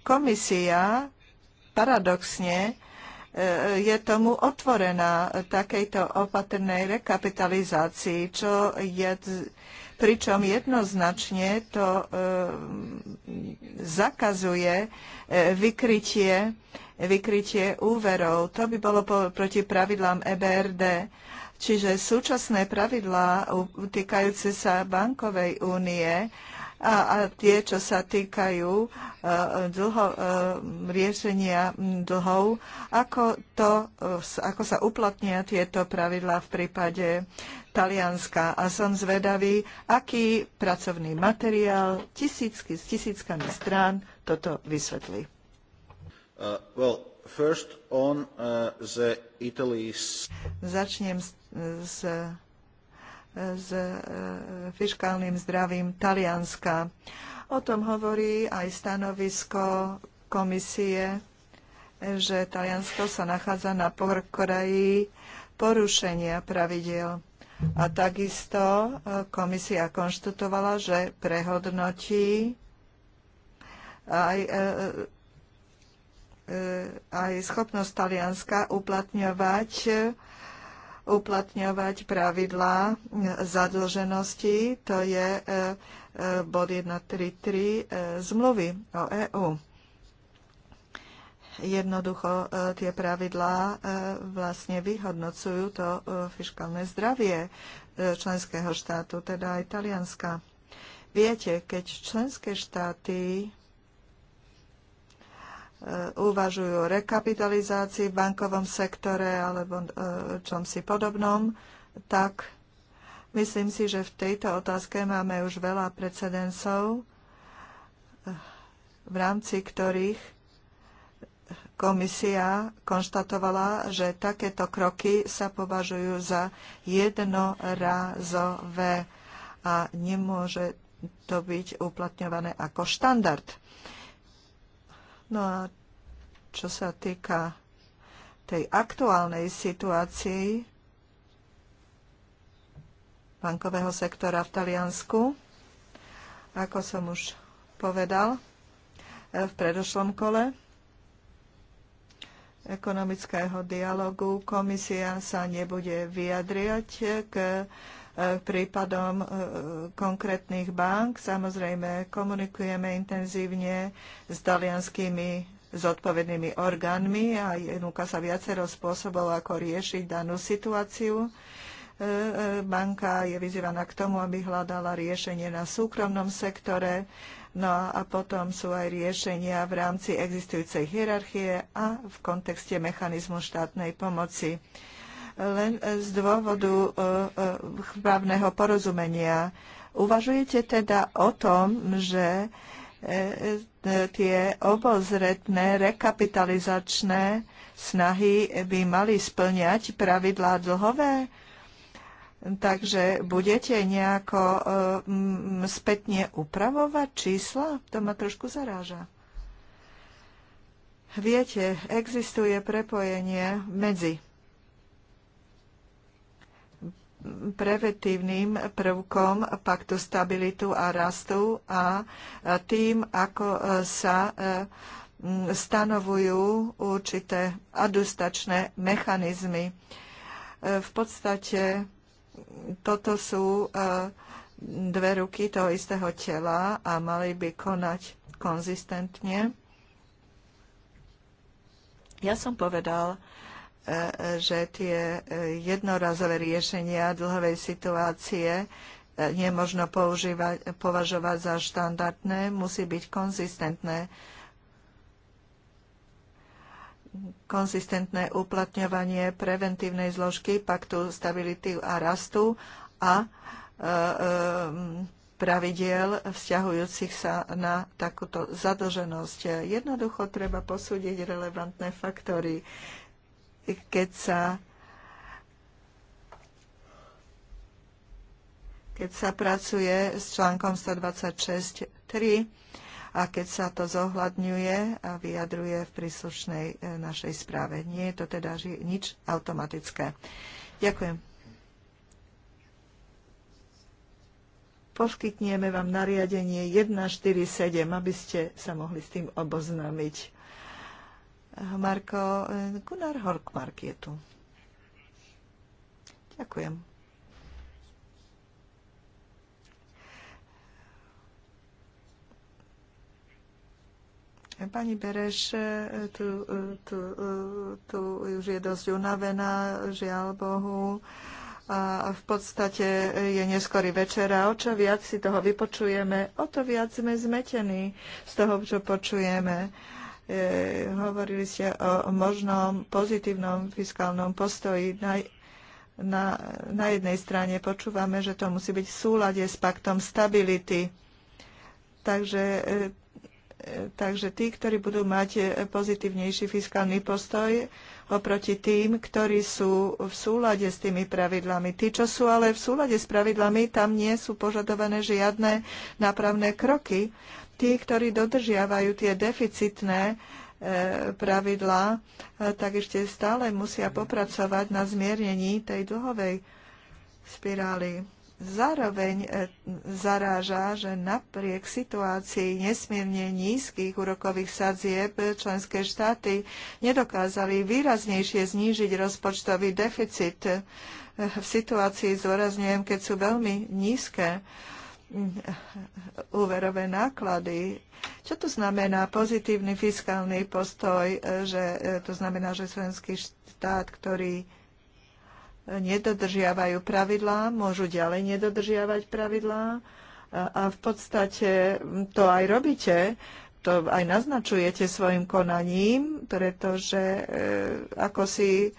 Komisia paradoxne e, je tomu otvorená takejto opatrnej rekapitalizácii, čo je, pričom jednoznačne to e, zakazuje vykrytie vykrytie úverov. To by bolo proti pravidlám EBRD. Čiže súčasné pravidlá týkajúce sa bankovej únie a, a tie, čo sa týkajú uh, dlho, uh, riešenia dlhov, ako, to, uh, ako sa uplatnia tieto pravidlá v prípade Talianska. A som zvedavý, aký pracovný materiál tisícky, s tisíckami strán toto vysvetlí. Uh, uh, Začnem s, s, uh, fiškálnym zdravím Talianska. O tom hovorí aj stanovisko komisie, že Taliansko sa nachádza na pokraji porušenia pravidel. A takisto komisia konštatovala, že prehodnotí aj E, aj schopnosť Talianska uplatňovať uplatňovať pravidlá zadlženosti, to je e, e, bod 133 zmluvy o EÚ. Jednoducho tie pravidlá vlastne vyhodnocujú to fiskálne zdravie členského štátu, teda aj Talianska. Viete, keď členské štáty E, uvažujú o rekapitalizácii v bankovom sektore alebo e, čom si podobnom, tak myslím si, že v tejto otázke máme už veľa precedensov, e, v rámci ktorých komisia konštatovala, že takéto kroky sa považujú za jednorázové a nemôže to byť uplatňované ako štandard. No a čo sa týka tej aktuálnej situácii bankového sektora v Taliansku, ako som už povedal e, v predošlom kole ekonomického dialogu, komisia sa nebude vyjadriať k Eh, prípadom eh, konkrétnych bank. Samozrejme, komunikujeme intenzívne s talianskými zodpovednými orgánmi a núka sa viacero spôsobov, ako riešiť danú situáciu eh, banka je vyzývaná k tomu, aby hľadala riešenie na súkromnom sektore, no a potom sú aj riešenia v rámci existujúcej hierarchie a v kontexte mechanizmu štátnej pomoci len z dôvodu e, e, právneho porozumenia. Uvažujete teda o tom, že e, tie obozretné rekapitalizačné snahy by mali splňať pravidlá dlhové? Takže budete nejako spätne upravovať čísla? To ma trošku zaráža. Viete, existuje prepojenie medzi preventívnym prvkom paktu stabilitu a rastu a tým, ako e, sa e, stanovujú určité adustačné mechanizmy. E, v podstate toto sú dve ruky toho istého tela a mali by konať konzistentne. Ja som povedal, že tie e, jednorazové riešenia dlhovej situácie e, nie možno používať, považovať za štandardné, musí byť konzistentné. Konzistentné uplatňovanie preventívnej zložky paktu stability a rastu a e, pravidiel vzťahujúcich sa na takúto zadlženosť. Jednoducho treba posúdiť relevantné faktory keď sa keď sa pracuje s článkom 126.3 a keď sa to zohľadňuje a vyjadruje v príslušnej e, našej správe. Nie je to teda nič automatické. Ďakujem. Poskytneme vám nariadenie 147, aby ste sa mohli s tým oboznámiť. Marko eh, Gunnar Horkmark je tu. Ďakujem. Pani Bereš eh, tu, eh, tu, tu už je dosť unavená, žiaľ Bohu. A v podstate je neskorý večer a o čo viac si toho vypočujeme, o to viac sme zmetení z toho, čo počujeme. E, hovorili ste o možnom pozitívnom fiskálnom postoji. Na, na, na jednej strane počúvame, že to musí byť v súlade s paktom stability. Takže e, Takže tí, ktorí budú mať pozitívnejší fiskálny postoj oproti tým, ktorí sú v súlade s tými pravidlami. Tí, čo sú ale v súlade s pravidlami, tam nie sú požadované žiadne nápravné kroky tí, ktorí dodržiavajú tie deficitné e, pravidlá, e, tak ešte stále musia popracovať na zmiernení tej dlhovej spirály. Zároveň e, zaráža, že napriek situácii nesmierne nízkych úrokových sadzieb členské štáty nedokázali výraznejšie znížiť rozpočtový deficit. V situácii, zdôrazňujem, keď sú veľmi nízke úverové náklady. Čo to znamená pozitívny fiskálny postoj, e, že e, to znamená, že slovenský štát, ktorý nedodržiavajú pravidlá, môžu ďalej nedodržiavať pravidlá a v podstate to aj robíte, to aj naznačujete svojim konaním, pretože e, ako si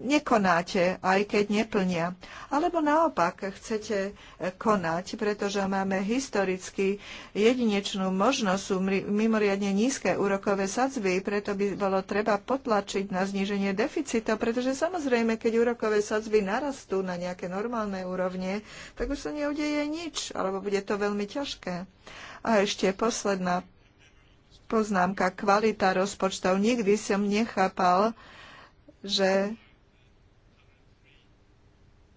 nekonáte, aj keď neplnia. Alebo naopak chcete konať, pretože máme historicky jedinečnú možnosť, sú mimoriadne nízke úrokové sadzby, preto by bolo treba potlačiť na zníženie deficitov, pretože samozrejme, keď úrokové sadzby narastú na nejaké normálne úrovne, tak už sa neudeje nič, alebo bude to veľmi ťažké. A ešte posledná poznámka, kvalita rozpočtov. Nikdy som nechápal, že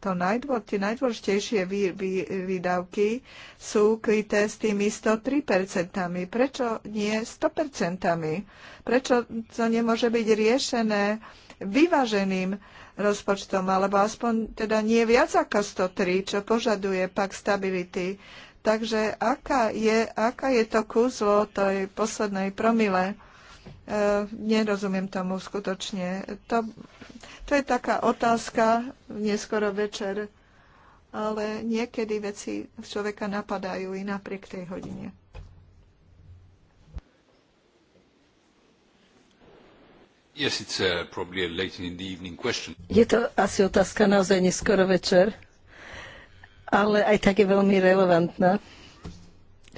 to najdô, tie najdôležitejšie vý, vý, výdavky sú kryté s tými 103%. Prečo nie 100%? Prečo to nemôže byť riešené vyváženým rozpočtom, alebo aspoň teda nie viac ako 103, čo požaduje pak stability. Takže aká je, aká je to kúzlo tej poslednej promile? E, nerozumiem tomu skutočne. To, to je taká otázka neskoro večer, ale niekedy veci človeka napadajú i napriek tej hodine. Yes, it's, uh, probably a late in the evening question. Je to asi otázka naozaj neskoro večer, ale aj tak je veľmi relevantná.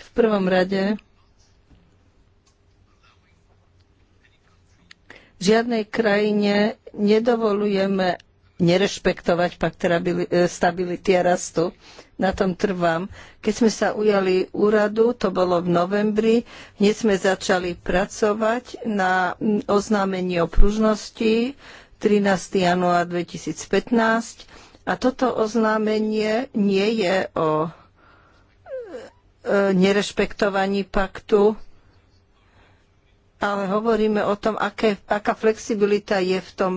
V prvom rade žiadnej krajine nedovolujeme nerešpektovať pakt e, stability a rastu. Na tom trvám. Keď sme sa ujali úradu, to bolo v novembri, hneď sme začali pracovať na oznámení o pružnosti 13. január 2015. A toto oznámenie nie je o e, e, nerešpektovaní paktu ale hovoríme o tom, aké, aká flexibilita je v tom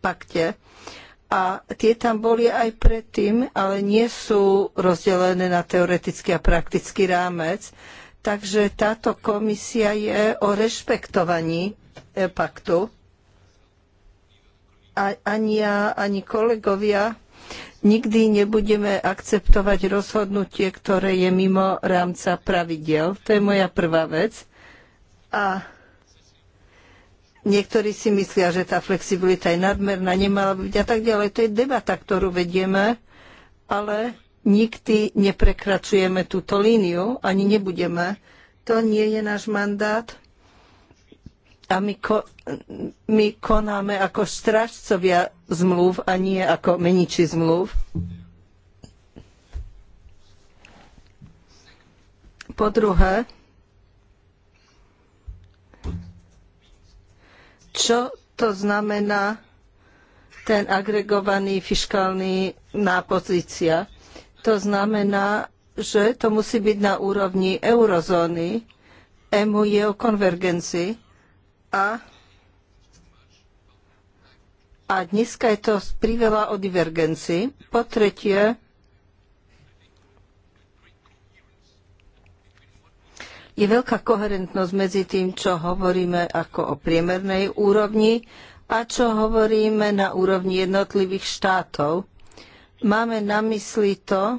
pakte. A tie tam boli aj predtým, ale nie sú rozdelené na teoretický a praktický rámec. Takže táto komisia je o rešpektovaní e, paktu. A ani ja, ani kolegovia nikdy nebudeme akceptovať rozhodnutie, ktoré je mimo rámca pravidel. To je moja prvá vec. A Niektorí si myslia, že tá flexibilita je nadmerná, nemala by byť a tak ďalej. To je debata, ktorú vedieme, ale nikdy neprekračujeme túto líniu, ani nebudeme. To nie je náš mandát. A my, ko, my konáme ako strážcovia zmluv a nie ako meniči zmluv. Po druhé, čo to znamená ten agregovaný fiškálny na pozícia. To znamená, že to musí byť na úrovni eurozóny. EMU je o konvergencii a, a dneska je to priveľa o divergencii. Po tretie, je veľká koherentnosť medzi tým, čo hovoríme ako o priemernej úrovni a čo hovoríme na úrovni jednotlivých štátov. Máme na mysli to,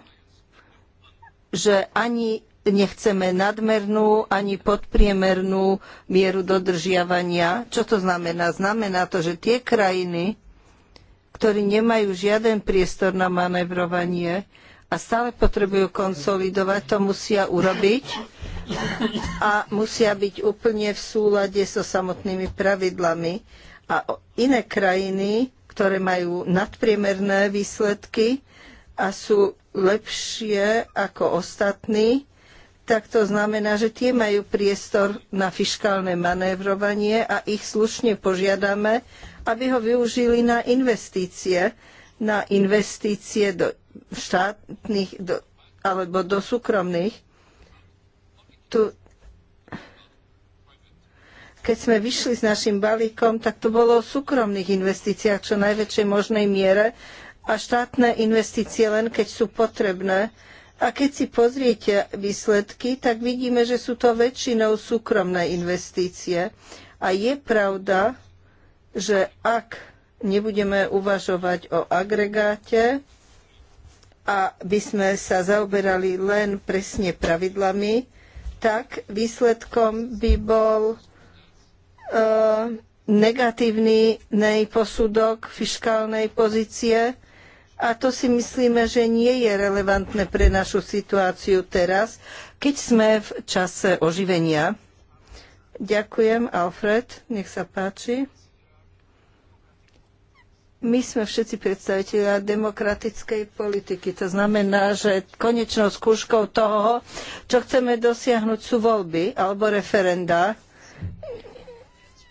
že ani nechceme nadmernú ani podpriemernú mieru dodržiavania. Čo to znamená? Znamená to, že tie krajiny, ktorí nemajú žiaden priestor na manevrovanie, a stále potrebujú konsolidovať, to musia urobiť a musia byť úplne v súlade so samotnými pravidlami. A iné krajiny, ktoré majú nadpriemerné výsledky a sú lepšie ako ostatní, tak to znamená, že tie majú priestor na fiškálne manévrovanie a ich slušne požiadame, aby ho využili na investície na investície do štátnych do, alebo do súkromných. Tu, keď sme vyšli s našim balíkom, tak to bolo o súkromných investíciách čo najväčšej možnej miere a štátne investície len keď sú potrebné. A keď si pozriete výsledky, tak vidíme, že sú to väčšinou súkromné investície. A je pravda, že ak nebudeme uvažovať o agregáte a by sme sa zaoberali len presne pravidlami, tak výsledkom by bol e, negatívny posudok fiškálnej pozície a to si myslíme, že nie je relevantné pre našu situáciu teraz, keď sme v čase oživenia. Ďakujem, Alfred, nech sa páči my sme všetci predstaviteľia demokratickej politiky. To znamená, že konečnou skúškou toho, čo chceme dosiahnuť, sú voľby alebo referenda.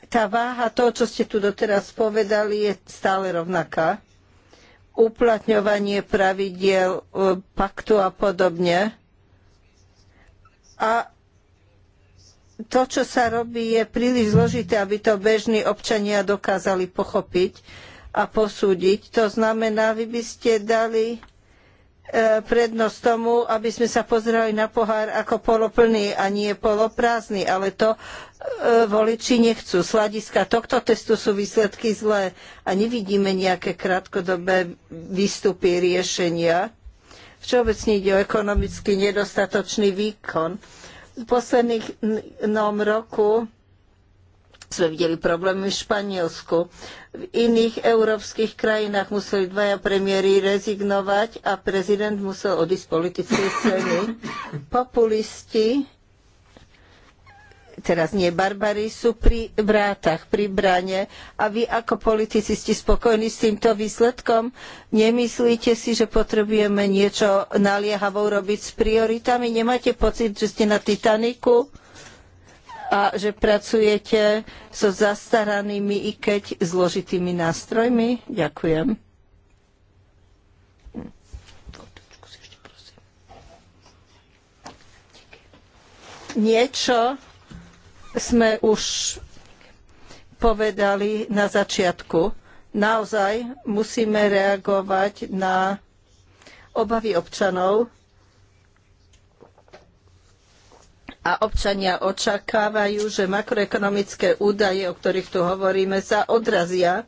Tá váha toho, čo ste tu doteraz povedali, je stále rovnaká. Uplatňovanie pravidiel e, paktu a podobne. A to, čo sa robí, je príliš zložité, aby to bežní občania dokázali pochopiť a posúdiť. To znamená, vy by ste dali e, prednosť tomu, aby sme sa pozerali na pohár ako poloplný a nie poloprázdny, ale to e, voliči nechcú. Z hľadiska tohto testu sú výsledky zlé a nevidíme nejaké krátkodobé výstupy riešenia. Všeobecne ide o ekonomicky nedostatočný výkon. V poslednom roku sme videli problémy v Španielsku. V iných európskych krajinách museli dvaja premiéry rezignovať a prezident musel odísť z politickej scény. Populisti, teraz nie barbari, sú pri vrátach, pri brane a vy ako politici ste spokojní s týmto výsledkom? Nemyslíte si, že potrebujeme niečo naliehavo robiť s prioritami? Nemáte pocit, že ste na Titaniku? a že pracujete so zastaranými, i keď zložitými nástrojmi? Ďakujem. Niečo sme už povedali na začiatku. Naozaj musíme reagovať na obavy občanov, a občania očakávajú, že makroekonomické údaje, o ktorých tu hovoríme, sa odrazia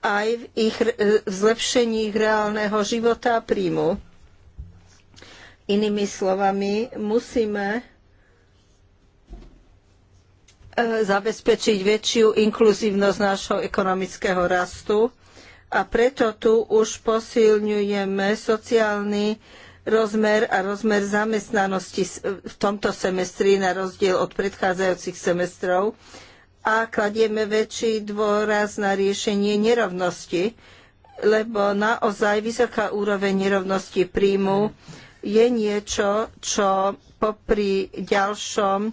aj v ich e, v zlepšení ich reálneho života a príjmu. Inými slovami, musíme e, zabezpečiť väčšiu inkluzívnosť nášho ekonomického rastu a preto tu už posilňujeme sociálny rozmer a rozmer zamestnanosti v tomto semestri na rozdiel od predchádzajúcich semestrov a kladieme väčší dôraz na riešenie nerovnosti, lebo naozaj vysoká úroveň nerovnosti príjmu je niečo, čo popri ďalšom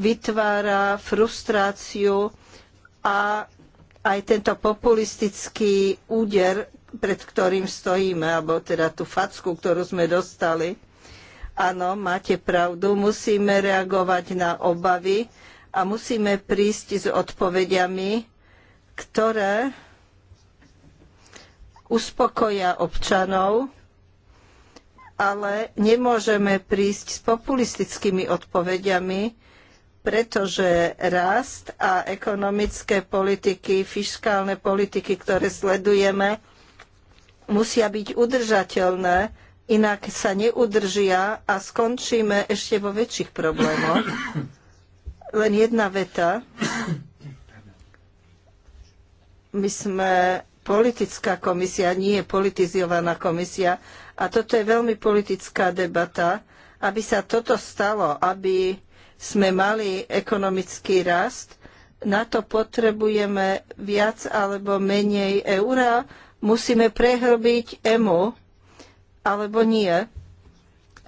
vytvára frustráciu a aj tento populistický úder, pred ktorým stojíme, alebo teda tú facku, ktorú sme dostali. Áno, máte pravdu, musíme reagovať na obavy a musíme prísť s odpovediami, ktoré uspokoja občanov, ale nemôžeme prísť s populistickými odpovediami, pretože rast a ekonomické politiky, fiskálne politiky, ktoré sledujeme, musia byť udržateľné, inak sa neudržia a skončíme ešte vo väčších problémoch. Len jedna veta. My sme politická komisia, nie je politizovaná komisia. A toto je veľmi politická debata. Aby sa toto stalo, aby sme mali ekonomický rast, na to potrebujeme viac alebo menej eura, Musíme prehlbiť emu, alebo nie.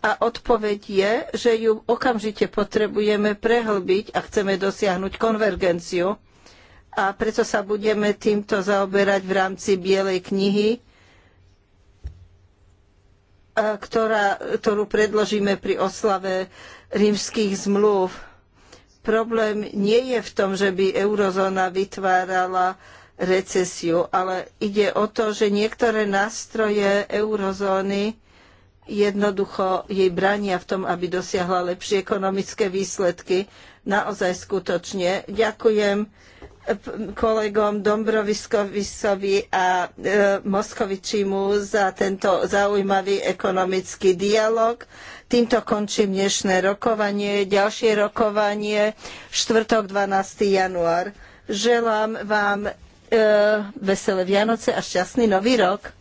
A odpoveď je, že ju okamžite potrebujeme prehlbiť a chceme dosiahnuť konvergenciu. A preto sa budeme týmto zaoberať v rámci Bielej knihy, ktorá, ktorú predložíme pri oslave rímskych zmluv. Problém nie je v tom, že by eurozóna vytvárala recesiu, ale ide o to, že niektoré nástroje eurozóny jednoducho jej brania v tom, aby dosiahla lepšie ekonomické výsledky. Naozaj skutočne. Ďakujem kolegom Dombroviskovi a e, Moskovičimu za tento zaujímavý ekonomický dialog. Týmto končím dnešné rokovanie. Ďalšie rokovanie štvrtok 12. január. Želám vám E, veselé Vianoce a šťastný nový rok.